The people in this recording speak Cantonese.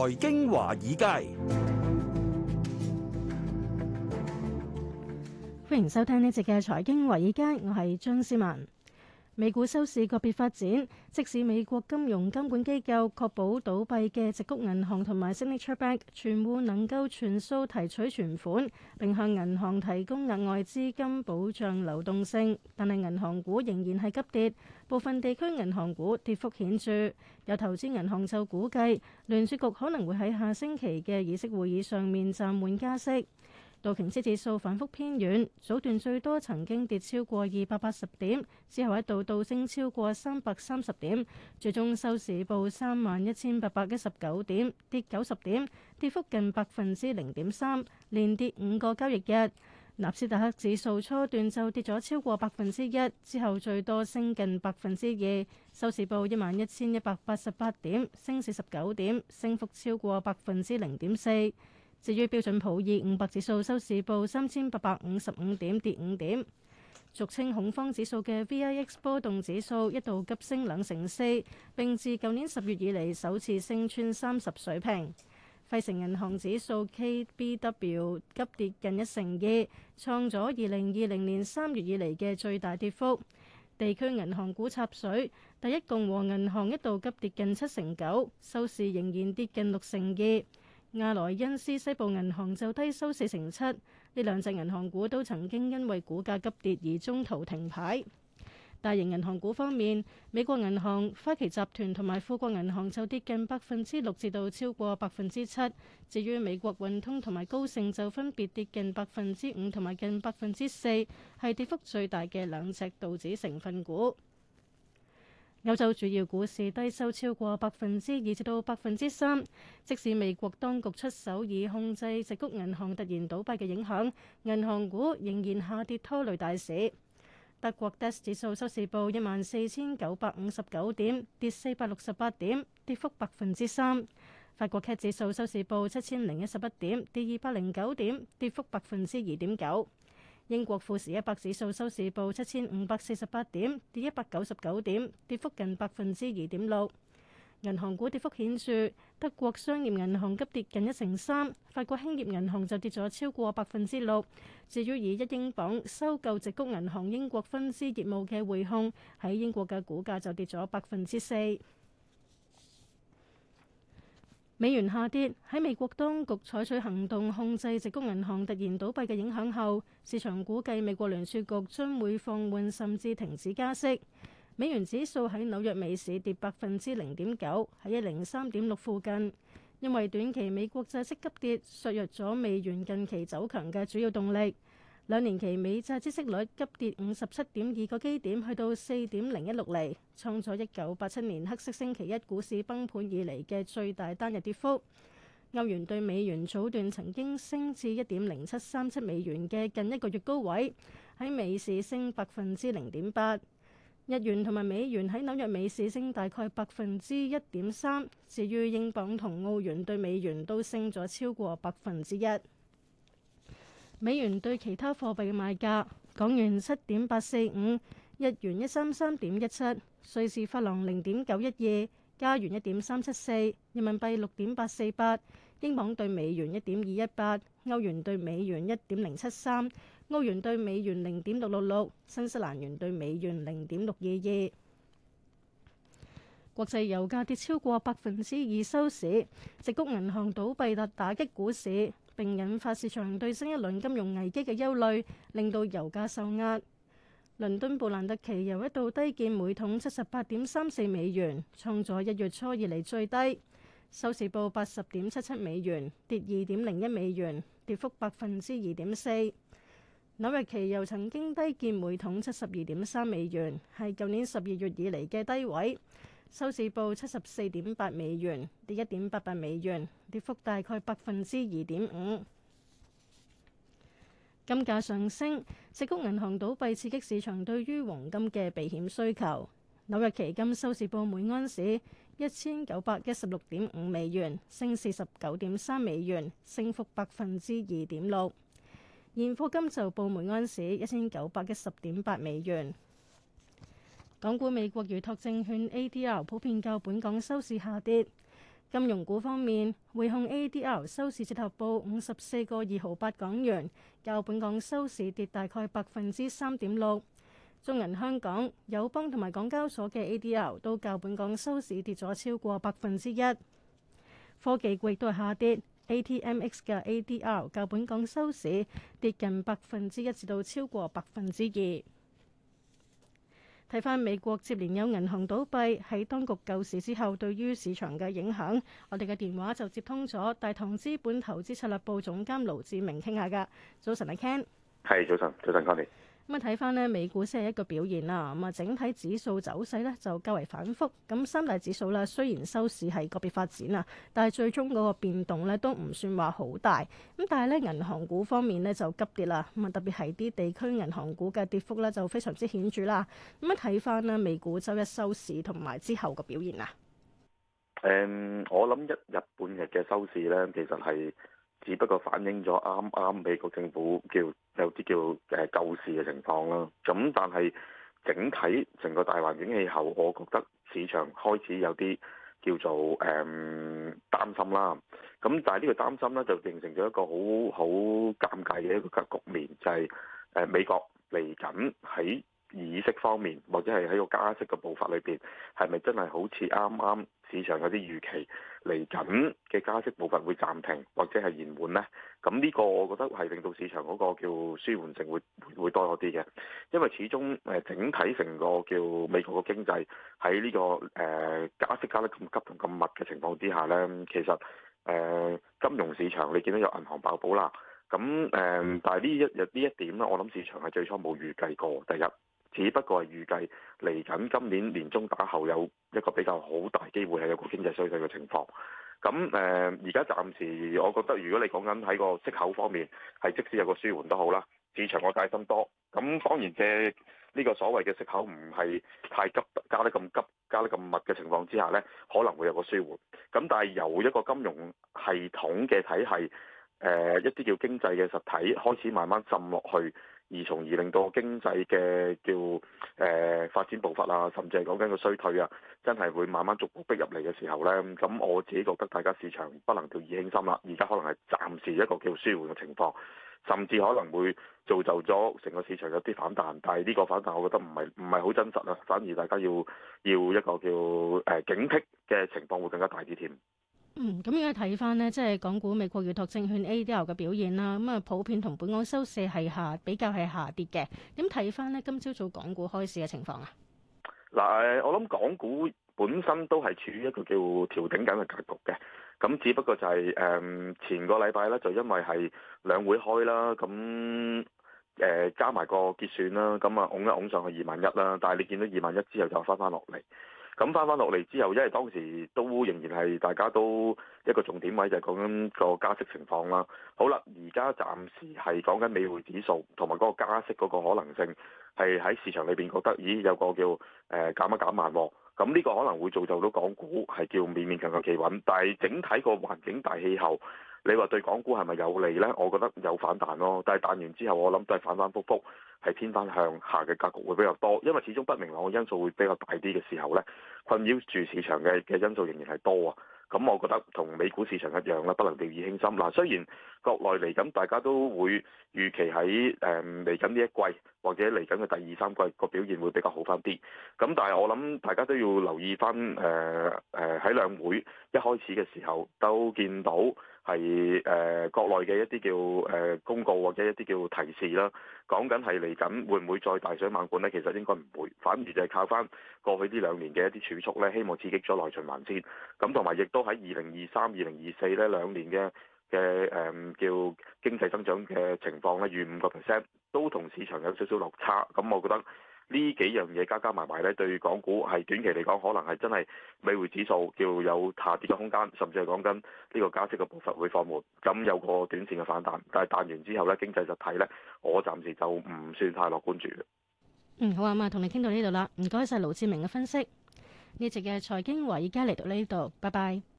財經華爾街，歡迎收聽呢集嘅財經華爾街，我係張思文。美股收市個別發展，即使美國金融監管機構確保倒閉嘅矽谷銀行同埋 Signature Bank 全戶能夠全數提取存款，並向銀行提供額外資金保障流動性，但係銀行股仍然係急跌，部分地區銀行股跌幅顯著。有投資銀行就估計聯儲局可能會喺下星期嘅議息會議上面暫緩加息。道瓊斯指數反覆偏軟，早段最多曾經跌超過二百八十點，之後一度倒升超過三百三十點，最終收市報三萬一千八百一十九點，跌九十點，跌幅近百分之零點三，連跌五個交易日。納斯達克指數初段就跌咗超過百分之一，之後最多升近百分之二，收市報一萬一千一百八十八點，升四十九點，升幅超過百分之零點四。至於標準普爾五百指數收市報三千八百五十五點，跌五點。俗稱恐慌指數嘅 VIX 波動指數一度急升兩成四，並自舊年十月以嚟首次升穿三十水平。費城銀行指數 KBW 急跌近一成二，創咗二零二零年三月以嚟嘅最大跌幅。地區銀行股插水，第一共和銀行一度急跌近七成九，收市仍然跌近六成二。亞萊恩斯西部銀行就低收四成七，呢兩隻銀行股都曾經因為股價急跌而中途停牌。大型銀行股方面，美國銀行、花旗集團同埋富國銀行就跌近百分之六至到超過百分之七。至於美國運通同埋高盛就分別跌近百分之五同埋近百分之四，係跌幅最大嘅兩隻道指成分股。歐洲主要股市低收超過百分之二至到百分之三，即使美國當局出手以控制矽谷銀行突然倒閉嘅影響，銀行股仍然下跌，拖累大市。德國 DAX 指數收市報一萬四千九百五十九點，跌四百六十八點，跌幅百分之三。法國 CAC 指數收市報七千零一十一點，跌二百零九點，跌幅百分之二點九。英國富時一百指數收市報七千五百四十八點，跌一百九十九點，跌幅近百分之二點六。銀行股跌幅顯著，德國商業銀行急跌近一成三，法國興業銀行就跌咗超過百分之六。至於以一英鎊收購矽谷銀行英國分支業務嘅匯控，喺英國嘅股價就跌咗百分之四。美元下跌，喺美國當局採取行動控制矽谷銀行突然倒閉嘅影響後，市場估計美國聯儲局將會放緩甚至停止加息。美元指數喺紐約美市跌百分之零點九，喺一零三點六附近，因為短期美國債息急跌削弱咗美元近期走強嘅主要動力。兩年期美債孳息率急跌五十七點二個基點，去到四點零一六厘，創咗一九八七年黑色星期一股市崩盤以嚟嘅最大單日跌幅。歐元對美元早段曾經升至一點零七三七美元嘅近一個月高位，喺美市升百分之零點八。日元同埋美元喺紐約美市升大概百分之一點三，至於英鎊同澳元對美元都升咗超過百分之一。美元對其他貨幣嘅賣價：港元七點八四五，日元一三三點一七，瑞士法郎零點九一二，加元一點三七四，人民幣六點八四八，英鎊對美元一點二一八，歐元對美元一點零七三，歐元對美元零點六六六，新西蘭元對美元零點六二二。國際油價跌超過百分之二收市，直谷銀行倒閉突打擊股市。並引發市場對新一輪金融危機嘅憂慮，令到油價受壓。倫敦布蘭特期油一度低見每桶七十八點三四美元，創咗一月初以嚟最低，收市報八十點七七美元，跌二點零一美元，跌幅百分之二點四。紐約期油曾經低見每桶七十二點三美元，係舊年十二月以嚟嘅低位。收市報七十四點八美元，跌一點八八美元，跌幅大概百分之二點五。金價上升，矽谷銀行倒閉刺激市場對於黃金嘅避險需求。紐約期金收市報每安士一千九百一十六點五美元，升四十九點三美元，升幅百分之二點六。現貨金就報每安士一千九百一十點八美元。港股美國預託證券 ADR 普遍較本港收市下跌，金融股方面匯控 ADR 收市折合報五十四個二毫八港元，較本港收市跌大概百分之三點六。中銀香港、友邦同埋港交所嘅 ADR 都較本港收市跌咗超過百分之一。科技股亦都係下跌，ATMX 嘅 ADR 較本港收市跌近百分之一至到超過百分之二。睇返美國接連有銀行倒閉，喺當局救市之後，對於市場嘅影響，我哋嘅電話就接通咗大同資本投資策略部總監盧志明傾下㗎。早晨，阿 Ken。係，早晨，早晨，歡迎。咁睇翻呢，看看美股先係一個表現啦。咁啊，整體指數走勢呢，就較為反覆。咁三大指數啦，雖然收市係個別發展啊，但係最終嗰個變動呢都唔算話好大。咁但係呢，銀行股方面呢，就急跌啦。咁啊，特別係啲地區銀行股嘅跌幅咧就非常之顯著啦。咁啊，睇翻呢，美股周一收市同埋之後嘅表現啊。誒、嗯，我諗一日半日嘅收市呢，其實係。只不過反映咗啱啱美國政府叫有啲叫誒救市嘅情況啦。咁但係整體成個大環境氣候，我覺得市場開始有啲叫做誒、嗯、擔心啦。咁但係呢個擔心咧，就形成咗一個好好尷尬嘅一個局面，就係、是、誒美國嚟緊喺，意識方面，或者係喺個加息嘅步伐裏邊，係咪真係好似啱啱市場有啲預期嚟緊嘅加息部分會暫停或者係延緩呢？咁呢個我覺得係令到市場嗰個叫舒緩性會會多咗啲嘅，因為始終誒整體成個叫美國嘅經濟喺呢、呢個誒、呃、加息加得咁急同咁密嘅情況之下呢，其實誒、呃、金融市場你見到有銀行爆煲啦，咁誒，呃嗯、但係呢一呢一點呢，我諗市場係最初冇預計過，第一。只不過係預計嚟緊今年年中打後有一個比較好大機會係有個經濟衰退嘅情況。咁誒，呃，而家暫時我覺得，如果你講緊喺個息口方面，係即使有個舒緩都好啦，市場我戒心多。咁當然嘅呢個所謂嘅息口唔係太急加得咁急、加得咁密嘅情況之下呢，可能會有個舒緩。咁但係由一個金融系統嘅體系，誒，呃，一啲叫經濟嘅實體開始慢慢浸落去。而從而令到經濟嘅叫誒、呃、發展步伐啊，甚至係講緊個衰退啊，真係會慢慢逐步逼入嚟嘅時候呢。咁我自己覺得大家市場不能掉以輕心啦。而家可能係暫時一個叫舒緩嘅情況，甚至可能會造就咗成個市場有啲反彈，但係呢個反彈，我覺得唔係唔係好真實啊。反而大家要要一個叫誒、呃、警惕嘅情況會更加大啲添。嗯，咁如果睇翻呢，即係港股、美國、預託證券 ADR 嘅表現啦，咁啊普遍同本港收市係下比較係下跌嘅。點睇翻呢？今朝早，早港股開市嘅情況啊？嗱，我諗港股本身都係處於一個叫調整緊嘅格局嘅，咁只不過就係、是、誒、嗯、前個禮拜咧，就因為係兩會開啦，咁誒、呃、加埋個結算啦，咁啊拱一拱上去二萬一啦，但係你見到二萬一之後就翻翻落嚟。咁翻翻落嚟之後，因為當時都仍然係大家都一個重點位，就係、是、講緊個加息情況啦。好啦，而家暫時係講緊美匯指數同埋嗰個加息嗰個可能性，係喺市場裏邊覺得，咦有個叫誒、呃、減一減慢喎。咁呢個可能會造就到港股係叫勉勉強強企穩，但係整體個環境大氣候。你話對港股係咪有利呢？我覺得有反彈咯、哦，但係彈完之後，我諗都係反反覆覆係偏翻向下嘅格局會比較多，因為始終不明朗嘅因素會比較大啲嘅時候呢，困擾住市場嘅嘅因素仍然係多啊。咁、嗯、我覺得同美股市場一樣啦，不能掉以輕心。嗱，雖然國內嚟緊大家都會預期喺誒嚟緊呢一季或者嚟緊嘅第二三季個表現會比較好翻啲，咁、嗯、但係我諗大家都要留意翻誒誒喺兩會一開始嘅時候都見到。係誒、呃、國內嘅一啲叫誒、呃、公告或者一啲叫提示啦，講緊係嚟緊會唔會再大水漫灌呢？其實應該唔會，反而就係靠翻過去呢兩年嘅一啲儲蓄呢，希望刺激咗內循環先。咁同埋亦都喺二零二三、二零二四呢兩年嘅嘅誒叫經濟增長嘅情況呢，預五個 percent 都同市場有少少落差。咁我覺得。呢幾樣嘢加加埋埋咧，對港股係短期嚟講，可能係真係美匯指數叫有下跌嘅空間，甚至係講緊呢個加息嘅步伐會放緩，咁有個短線嘅反彈。但係彈完之後咧，經濟實體咧，我暫時就唔算太樂觀住。嗯，好啊嘛，同你傾到呢度啦，唔該晒，盧志明嘅分析。呢集嘅財經華爾街嚟到呢度，拜拜。